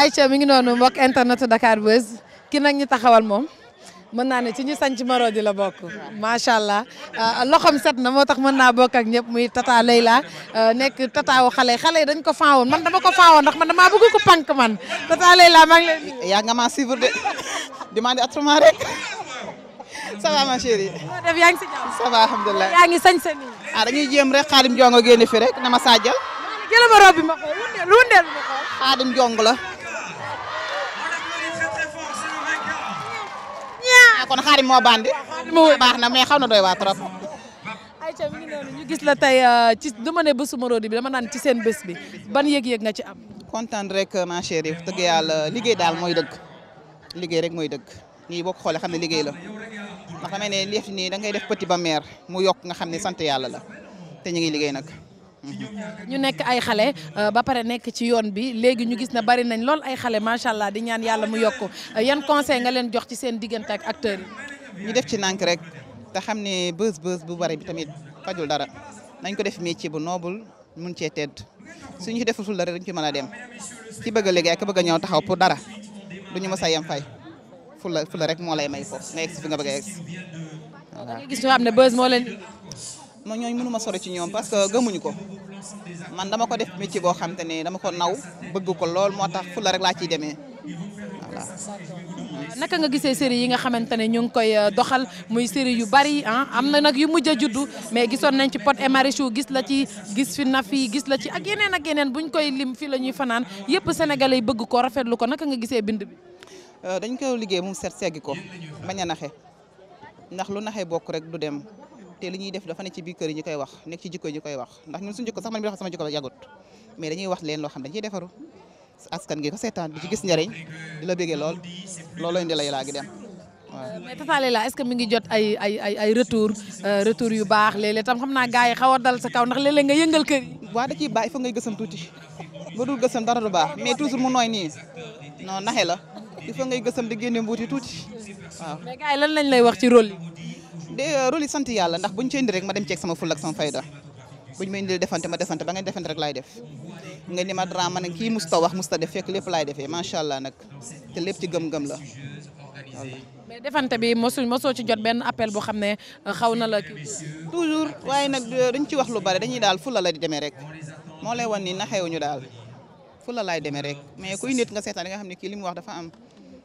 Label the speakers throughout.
Speaker 1: Aïcha mi ngi noonu mbokk internet Dakar Buzz ki nag ñu taxawal moom mën naa ne ci ñu sanc Marodi la bok macha allah ah, loxom set na moo tax mën naa bokk ak ñëpp muy tata Leila ah, nekk tataawu xale xale yi dañ ko faawoon man dama ko faawoon ndax man damaa bëgg ko pànk man tata Leila maa ngi leen yaa nga ma suivre de demandé autrement rek ça va ma chérie moo def yaa ngi si jàmm ça va alhamdulilah yaa sañ
Speaker 2: sa ah, dañuy jéem rek xaadim jongo génn fi rek na ma saajal jëlama bi ma xool wundeel wundeel ma xool xaadim la
Speaker 1: kon xaarim moo bandi moo baax na mais xaw na doy waa trop ayca mi ngi noonu ñu gis la tey euh, ci du ma ne bésu Marodi bi ma naan ci seen bés bi ban yëg-yëg nga ci am
Speaker 2: kontaan rek ma chérie dëgg yàlla liggéey daal mooy dëgg liggéey rek mooy dëgg nii boo ko xoolee xam ne liggéey la ndax damay ne nii da ngay def petit ba meer mu yokk nga xam ne sant yàlla la ñu ngi liggéey nag
Speaker 1: ñu nekk ay xale euh, ba pare nekk ci yoon bi léegi ñu gis na bari nañ lool ay xale macha allah di ñaan yàlla mu yokk euh, yan conseil nga leen jox ci seen diggante ak acteurs
Speaker 2: ñu def ci nànk rek te xam ne bës bës bu bari bi tamit fajul dara nañ ko def métier bu noble mun cee tedd suñu ci deful dara dañ ci mën a dem ci bëgg a liggéey bëgg a ñëw taxaw pour dara ñu mës a yem fay fula fula rek moo lay may foofu nga egg si fi nga bëgg egg. waaw ma ñooñu mënuma sori ci ñoom parce que gëmuñu ko man dama ko def métier boo xam ne dama ko naw bëgg ko lool moo tax fu la rek laa ciy demee
Speaker 1: naka nga gisee série yi nga xamante ne ñu ngi koy euh, doxal muy série yu bari ah am na nag yu mujj a juddu mais gisoon nañ ci Pod et Marichou gis la ci gis fi Nafi gis la ci ak yeneen ak yeneen ñu koy lim fii la ñuy fanaan yëpp sénégalais yi bëgg ko rafetlu ko naka nga gisee bind bi.
Speaker 2: Euh, dañ koy liggéey mu set seggi ko bañ a naxe ndax lu naxee bokk rek du dem. te li ñuy def dafa ne ci biir kër yi ñu koy wax ndax ñun suñu jikko sax man mi wax sama jikko yàggut mais dañuy wax leen loo xam defaru askan gi ko seetaan di ci gis njëriñ di la béggee la laa gi dem
Speaker 1: waaw. mais Tata Leila mi ngi jot ay ay ay euh, retour yu baax léeg-léeg tam xam naa gars yi xaw a dal sa kaw ndax léeg-léeg nga yëngal kër yi. waaw da ciy bàyyi fa ngay gësam tuuti ba dul gësam
Speaker 2: dara du baax mais toujours mu nooy nii non naxe la il faut ngay gësam di génne mbuuti tuuti waaw. mais gars yi lan lañ lay wax ci rôle de euh, rôle sant yàlla ndax buñ ci indi ma dem ceeg sama ful ak sama fayda buñ ma indil defante ma defante ba ngeen defante rek laay def nga ni ma drama nag kii musta wax musta def fekk lépp laay defee macha allah nag te lépp ci gëm-gëm la
Speaker 1: mais defante bi mosu ci jot benn appel boo xam ne euh, xaw na la toujours
Speaker 2: waaye nag euh, duñ ci wax lu bari dañuy daal fula la di rek moo lay wan ni naxewuñu daal fula laay demee rek mais kuy nit nga seetaan nga xam ne kii li mu wax dafa am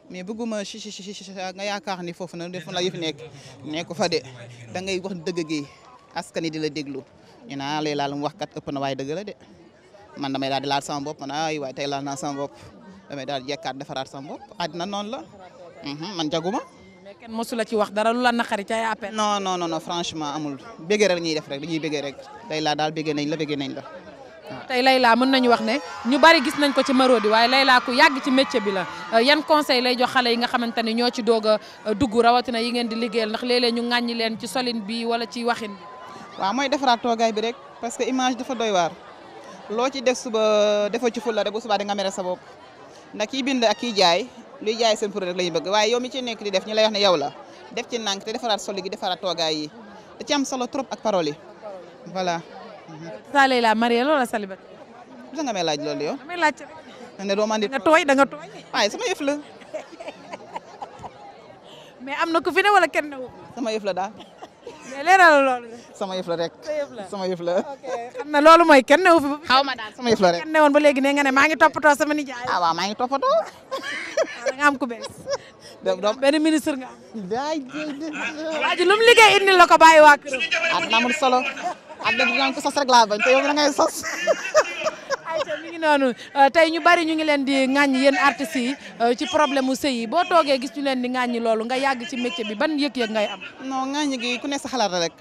Speaker 2: mais bëgguma si si si nga yaakaar ni foofu na def la yëf nekk nekk fa de da ngay wax dëgg gi askan wi di la déglu ñu naan ah, lay laal mu wax kat ëpp na waaye dëgg la de man damay daal di laal sama bopp man ah, ay waaye tey laal naa sama bopp damay daal di jekkaat defaraat sama bopp àddina noonu la mhm, man jaguma. mais kenn mosu la ci wax dara lu la naqari ca appel. non non non franchement amul bëgg rek ñuy def rek dañuy bëgg rek tey laa daal bëgg nañ la bëgg nañ la.
Speaker 1: tey Layla mën nañu wax ne ñu bari gis nañ ko ci Marodi waaye Layla ku yàgg ci métier bi la euh, yan conseil lay jox xale yi nga xamante ni ñoo ci doog a euh, dugg rawatina yi ngeen di liggéeyal ndax léeg-léeg ñu ŋàññi leen ci solin bi wala ci waxin bi waaw
Speaker 2: mooy defaraat toogaay bi rek parce que image dafa doy waar loo ci def suba defoo ci fulla rek bu subaa di nga mere sa bopp ndax kiy bind ak ki jaay luy jaay seen produit rek la ñu bëgg waaye yow mi ci nekk di def ñu lay wax ne yow la def ci nànk te defaraat soli gi defaraat toogaay yi ci am solo trop ak parole yi voilà Mm-hmm. Saaley laa marié loola célibataire. bisa nga may laaj loolu yow. damay laaj rek. ne doo ma andi nga da nga tooy. waaye sama yëf la.
Speaker 1: mais am na ku fi ne wala kenn ne wu. sama yëf la daal. mais leeralal loolu de.
Speaker 2: sama yëf la rek. sama yëf la ok
Speaker 1: na loolu mooy kenn ne wu fi. xaw ma daal sama yëf la rek. kenn ne ba léegi nga ne maa ngi toppatoo sama nijaay. ah waaw maa ngi toppatoo. da nga am ku bees. nga am.
Speaker 2: waa ji lu mu liggéey indil la ko bàyyi waa
Speaker 1: solo. am na ñu naan ko sos rek laa bañ te yow da ngay sos. mi ngi noonu euh, tey ñu bari ñu ngi leen di ŋàññi yéen artistes yi euh, ci problème mu sëy yi boo toogee gis ñu leen di ŋàññi loolu nga yàgg ci métier bi ban yëg-yëg ngay am. non ŋàññi gi ku ne sa xalaat rek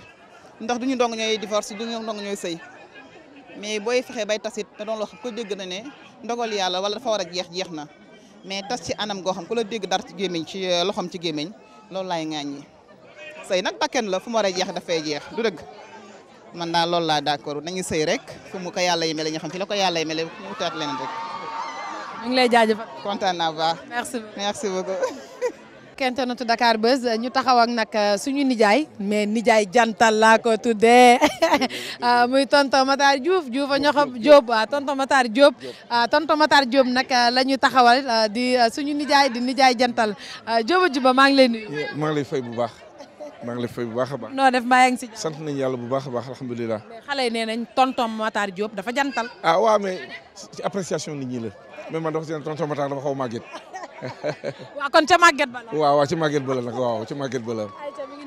Speaker 1: ndax du ñu dong ñooy
Speaker 2: divorce du ñu dong ñooy sëy mais booy fexee bay tasit te doon loo xam ko dégg na ne ndogal yàlla wala dafa war a jeex jeex na mais tas ci anam goo xam ku la dégg dara ci gémmiñ ci euh, loxoom ci gémmiñ loolu laay ŋàññi sëy nag bakken la fu mu war a jeex dafay jeex du dëgg man daal loolu laa d'accord nañu sëy rek fu mu ko yàlla yemele ñu xam fi la ko yàlla yemele mu wutaat leneen rek. ma ngi lay jaajëfal. kontaan naa bu baax. merci beaucoup merci beaucoup.
Speaker 1: kentenutu Dakar Buzz ñu taxaw ak nag euh, suñu nijaay mais nijaay jantal laa ko tuddee euh, muy tonton Matar Diouf Diouf a ñoxob Diop waaw Diop euh, tonton Matar Diop nag la ñu taxawal di suñu nijaay di nijaay jantal Diop a juba maa ngi lay nuyu.
Speaker 3: maa ngi lay fay bu baax. maa ngi lay bu baax a baax. noo def maa ngi si sant nañu a baax alhamdulilah.
Speaker 1: xale yi nee nañ tonton Matar Diop dafa jantal.
Speaker 3: ah waaw mais ci appréciation nit ñi la mais man dafa seen tonton Matar dafa xaw màgget.
Speaker 1: waaw kon ca màgget ba
Speaker 3: waaw waaw ci màgget ba nag waaw ci màgget ba la.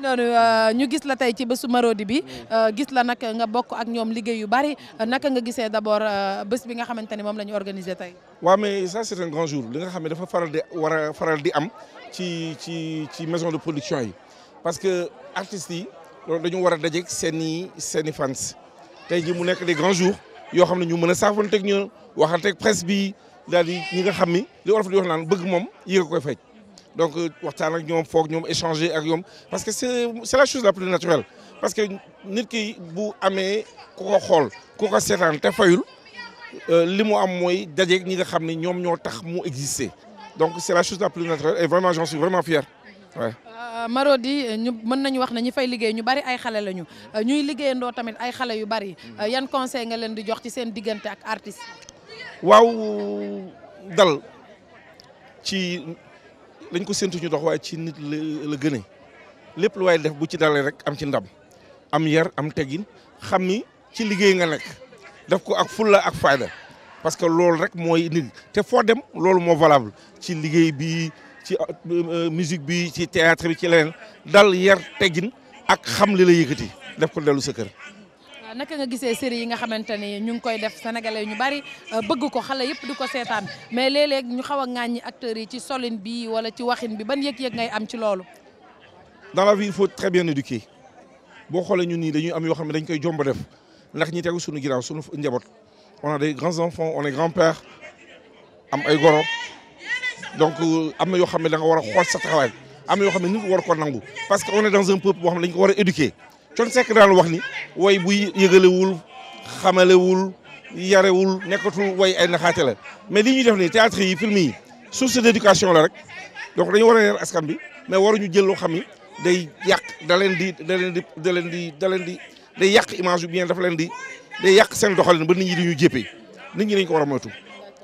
Speaker 1: noonu euh, ñu gis la tey ci bésu Marodi bi mm. euh, gis la nag nga bokk ak ñoom liggéey yu bari euh, naka nga gisee d'abord bés bi nga xamante ne moom lañu ñu organisé tey.
Speaker 3: waaw mais ça c'est un grand jour li nga xam ne dafa faral di war a faral di am ci ci ci maison de production yi. parce que artistes yi loolu dañu war a dajeeg seen seen i fans tey jii mu nekk des grands jours yoo xam ne ñu mën a saafoonteeg ñu waxanteeg presse bi daal di ñi nga xam ni li wolof di wax naan bëgg moom yéeg a koy faj donc euh, waxtaan ak ñoom foog ñoom échanger ak ñoom parce que c'est c'est la chose la plus naturelle parce que nit ki bu amee ku ko xool ku ko seetaan te fayul euh, li mu am mooy dajeeg ñi nga xam ne ñoom ñoo tax mu exister donc c'est la chose la plus naturelle et Euh,
Speaker 1: Marodi euh, ñu mën nañu wax na ñi fay liggéey ñu bari ay xale lañu euh, ñuy liggéeyandoo tamit ay xale yu bari yan conseil nga leen di jox ci seen diggante ak artiste
Speaker 3: waaw dal ci dañ ko séntu ñu dox waaye ci nit la gëne lépp lu waaye def bu ci dalee rek am ci ndam am yar am tegin xam ni ci liggéey nga nekk def ko ak fulla ak fayda parce que loolu rek mooy nit te foo dem loolu moo valable ci liggéey bi ci euh, euh, musique bi ci théâtre bi ci leneen dal yar teggin ak xam li la yëkkati def ko dellu sa kër.
Speaker 1: naka nga gisee série yi nga xamante ni ñu ngi koy def sénégalais ñu bari euh, bëgg ko xale yëpp di ko seetaan mais léeg-léeg ñu xaw a ñi acteurs yi ci solin bi wala ci waxin bi ban yëg-yëg ngay am ci loolu.
Speaker 3: dans la vie il faut très bien éduquer boo xoolee ñun nii dañuy am yoo xam ne dañ koy jomb def ndax ñi tegu suñu ginnaaw suñu njaboot on a des grands enfants on grand-père am ay goro. donc euh, am na yoo xam ne da war a xool sa taxawaay am na yoo xam ne nit war ko nangu parce que on est dans un peuple boo xam ne dañ a éduquer Thione Seck daan wax ni way buy yarewul nekkatul way ay naxaate la mais li ñuy def nii théâtre yi film yi source d'éducation la rek donc dañu war a yar askan bi mais waruñu jël loo xam ni day yàq da leen di da leen di da leen di da di day yàq image bien dafa leen di day yàq seen doxalin ba nit ñi di ñu jéppee nit ñi dañ ko war a moytu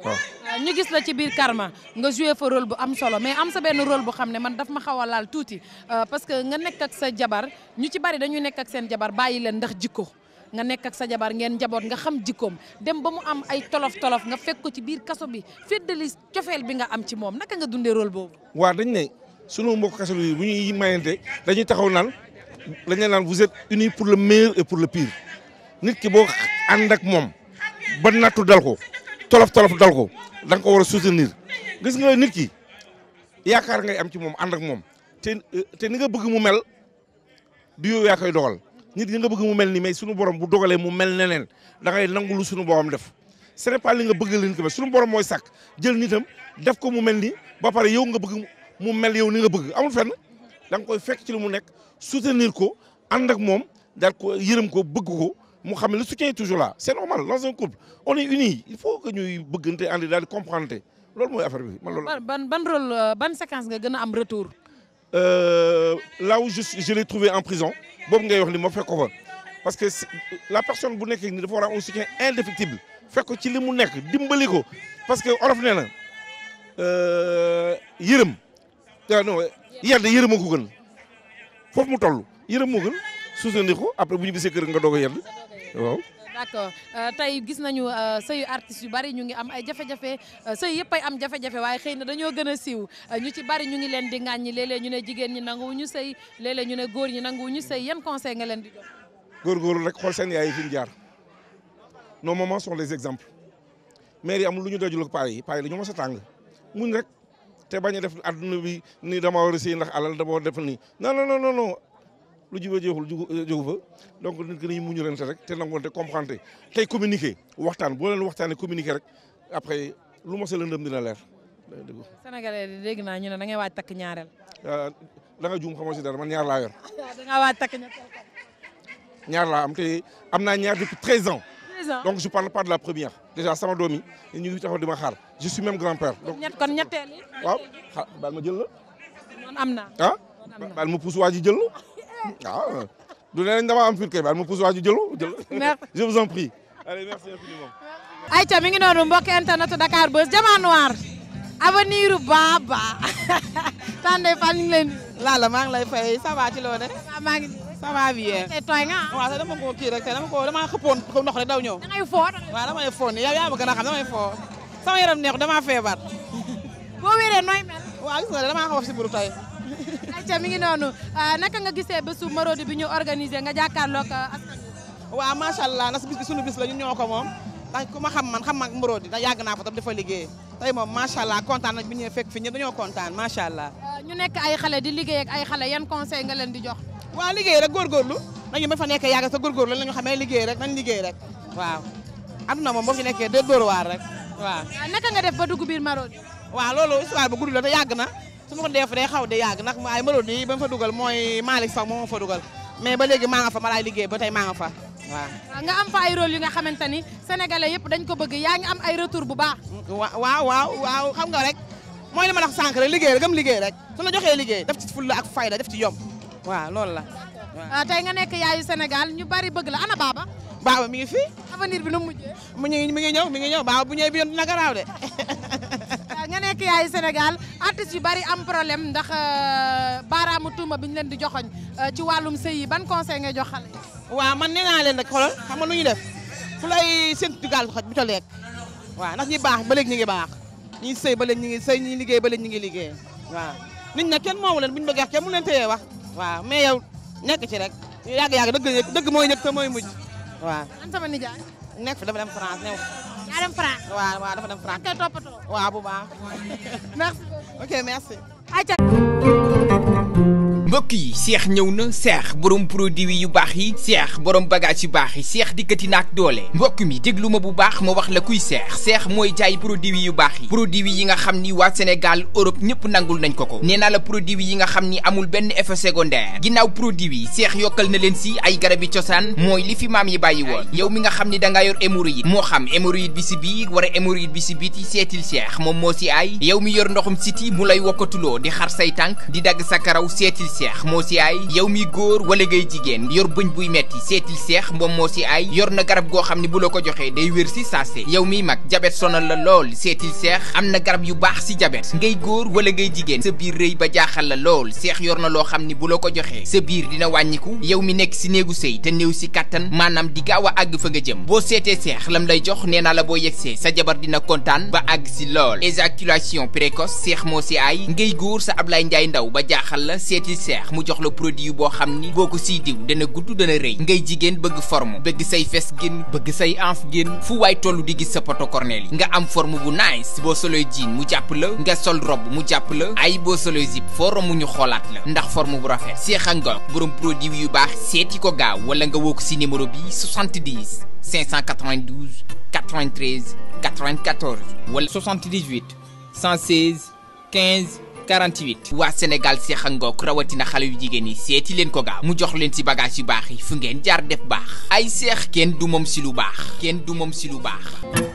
Speaker 3: waaw
Speaker 1: ñu gis la ci biir Karma nga joué fa rôle bu am solo mais am sa benn rôle bu xam ne man daf ma xaw a laal tuuti euh, parce que nga nekk sa jabar ñu ci bari dañuy nekk ak seen jabar bàyyi leen ndax jikko nga nekk ak sa jabar ngeen njaboot nga xam jikkoom dem ba mu am ay tolof tolof nga fekk ko ci biir kaso bi féddali cofeel bi nga am ci moom naka nga dundee rôle boobu.
Speaker 3: waaw dañ ne sunu mbokk kaso yi bu ñuy mayante dañuy taxaw naan dañ leen naan vous êtes unis pour le meilleur pour le pire nit ki boo ànd ak moom ba nattu dal ko. tolof tolof dal ko danga ko war a soutenir gis nga nit ki yaakaar ngay am ci moom ànd ak moom te ni nga bëgg mu mel du yow yaa koy dogal nit ñi nga bëgg mu mel ni mais suñu borom bu dogalee mu mel neneen da ngay nangu lu suñu borom def ce n'est pas nga bëgg leen ko mel suñu borom mooy sàkk jël nitam def ko mu mel ni ba pare yow nga bëgg mu mel yow ni nga bëgg amul fenn da nga koy fekk ci lu mu nekk soutenir ko ànd ak moom daal ko yërëm ko bëgg ko mu xam ne le soutien est toujours là c' est normal dans un couple on est unis il faut que ñuy bëggante ànd daal di comprendre loolu mooy affaire bi. man loolu
Speaker 1: ban ban rôle euh, ban séquence nga gën a am retour.
Speaker 3: Euh, là où je je l'ai en prison boobu ngay wax ni moo fekk ko fa parce que la personne bu nekkee ni dafa war a un soutien indéfectible fekk ci li mu nekk dimbali ko parce que olof nee na euh, yërëm ah non yedd yërëma ko gën foofu mu toll yërëm moo gën suuf ko après bu ñu bisee kër nga doog a waaw.
Speaker 1: d'accord euh, tey gis nañu euh, sëyu artistes yu bari ñu ngi am ay jafe-jafe euh, sëy yëpp ay am jafe-jafe waaye xëy na dañoo gën a siiw ñu ci bari ñu ngi leen di ŋàññi ñi léeg ñu ne jigéen ñi nanguwuñu ñu say léeg ñu ne góor ñi ñu sëy yan conseil nga leen di jox.
Speaker 3: góorgóorlu rek xool seen yaay yi fi jaar nos mamans sont les exemples mère yi lu ñu dojul paa yi paa yi dañoo mos a tàng muñ rek te bañ a def adduna bi ni dama war a sëy ndax alal dama war a def nii non lu jubee jeexul euh, jógu fa donc nit ki nañu muñu ren rek te nangoonte comprendre tey communiquer waxtaan boo leen waxtaanee communiquer rek après lu mos a lëndëm dina leer. dëgg la
Speaker 1: Sénégalais yi dégg naa ñu ne da ngay waaj takk ñaareel.
Speaker 3: Euh, da nga juum xamoo si dara man ñaar laa yor. Ah, da ñaar la am te am naa ñaar depuis 13 ans. 13 ans donc je parle pas de la première déjà sama doom yi ñu ngi taxaw di ma xaar je suis même grand-père. donc
Speaker 1: ñett kon ñetteel yi. ma jël am na. ah
Speaker 3: baal ma pousse waa ji jël waaw ah, du ne lañ dama am fit kay baal ma pousse waa ji jëlu jël je vous en prie allez merci infiniment
Speaker 1: ayca mi ngi noonu mbokk internetu Dakar Buzz Diamant Noir avenir u baba tànde fan ngi leen laala maa ngi lay fay ça va ci loo ne maa ngi ça va bien tey tooy nga ah? waaw sax dama ko kii rek tey dama ko dama xëppoon ko ndox rek daw ñëw da ngay foo waaw damay foo ni yow yaa ma gën a xam damay foo sama yaram neexu dama feebar boo wéree nooy mel waaw gis nga dama xaw si buru tey ca mi ngi noonu ah, naka nga gisee bésu Marodi bi ñu organisé nga jàkkaarloog ah, askan wi. waaw macha allah ndax bis bi sunu bis la ñun ko moom ku ma xam man xam ma ak Marodi ndax yàgg naa fa tam dafa liggéey tey moom macha allah kontaan nañ bi ñu fekk fi ñëpp dañoo kontaan ah, nekk ay xale di liggéey ak ay xale yan conseil nga leen di jox. waaw liggéey rek góorgóorlu nañu ba fa nekkee yàgg sa góorgóorlu la ñu xamee liggéey rek nañ liggéey rek waaw aduna moom boo fi nekkee waar rek waaw naka nga def ba dugg biir Marodi waaw loolu histoire bu gudd la te yàgg na su ma ko def day xaw de yàgg ndax ay mélodie ba ma fa dugal mooy Malick Fack moo fa dugal mais ba léegi maa fa ma laay liggéey ba tey maa nga fa waaw. nga am fa ay rôle yu nga xamante ni sénégalais yëpp dañ ko bëgg yaa ngi am ay retour bu baax. waaw waaw waaw xam nga rek mooy li ma la wax sànq rek liggéey rek liggéey rek su la joxee liggéey def ci fulla ak fayda def ci yomb waaw loolu la. waaw ah, tey nga nekk yaayu senegal ñu bari bëgg la ana baaba. baaba mi ngi fi. avenir bi nu mu mujjee. mu ngi mi ngi ñëw mi ngi ñëw bu ñëwee bi yoon dina garaaw de yaayu Sénégal artistes yu bari am problème ndax euh, baaraamu tuuma bi ñu leen di joxoñ euh, ci wàllum sëy yi ban conseil ngay jox xale waaw man nee naa leen rek xoolal xam nga lu ñu def fu lay séntu di gaal xoj bu ca lekk waaw ndax ñi baax ba léegi ñu baax ñi sëy ba léegi ñu ngi sëy ñi liggéey ba léegi ñu ngi liggéey waaw nit ña kenn moomu leen bu ñu bëggee kenn mu leen téyee wax waaw mais yow nekk ci rek yàgg-yàgg dëgg dëgg mooy ñëkk te mooy mujj waaw an sama nijaay nekk fi dafa dem France new yaa dem France. waaw waaw dafa dem France. ak toppatoo. waaw bu baax. merci. ok merci.
Speaker 4: mbokk yi seex ñëw na seex borom produit yu baax yi seex borom bagage yu baax yi seex dikkati naak doole mbokk mi déglu bu baax ma wax la kuy seex seex mooy jaay produit yu baax yi produit yi nga xam ni waa Sénégal Europe ñëpp nangul nañ ko ko nee naa la produit yi nga xam ni amul benn effet secondaire ginnaaw produit yi seex yokkal na leen si ay garabi cosaan mooy li fi maam yi bàyyi woon yow mi nga xam ni danga yor hémorroïde moo xam hémorroïde bi si biir wala hémorroïde bi si biti seetil seex moom moo si ay yow mi yor ndoxum siti mu lay wokkatuloo di xar say tànk di dagg sa karaw seetil seex seex moo si aay yow mi góor wala ngay jigéen yor buñ buy metti seetil seex moom moo si ay yor na garab goo xam ne bu la ko joxee day wér si saase yow mi mag jabet sonal la lool seetil seex am na garab yu baax si jabet ngay góor wala ngay jigéen sa biir rëy ba jaaxal la lool seex yor na loo xam ne bu la ko joxee sa biir dina wàññiku yow mi nekk si néegu sëy te néew si kàttan maanaam di gaaw a àgg fa nga jëm boo seetee seex lam lay jox nee naa la boo yegsee sa jabar dina kontaan ba àgg si lool éjaculation précoce seex moo seex mu jox la produit boo xam ni boo ko siy diw dana gudd dana rëy ngay jigéen bëgg forme bëgg say fes génn bëgg say anf génn fu waay toll di gis sa poto cornel yi nga am forme bu nice boo soloy jean mu jàpp la nga sol robe mu jàpp la ay boo soloy zip foo romb xoolaat la ndax forme bu rafet seex a ngoog borom produit yu baax seeti ko gaaw wala nga woo ko si numéro bi 70 592 93 94 wala 78 116 15 48 waa Sénégal seex angook rawatina xale yu jigéen yi seeti leen ko gaaw mu jox leen ci bagage yu baax yi fu ngeen jaar def baax ay seex kenn du moom si lu baax kenn du moom si lu baax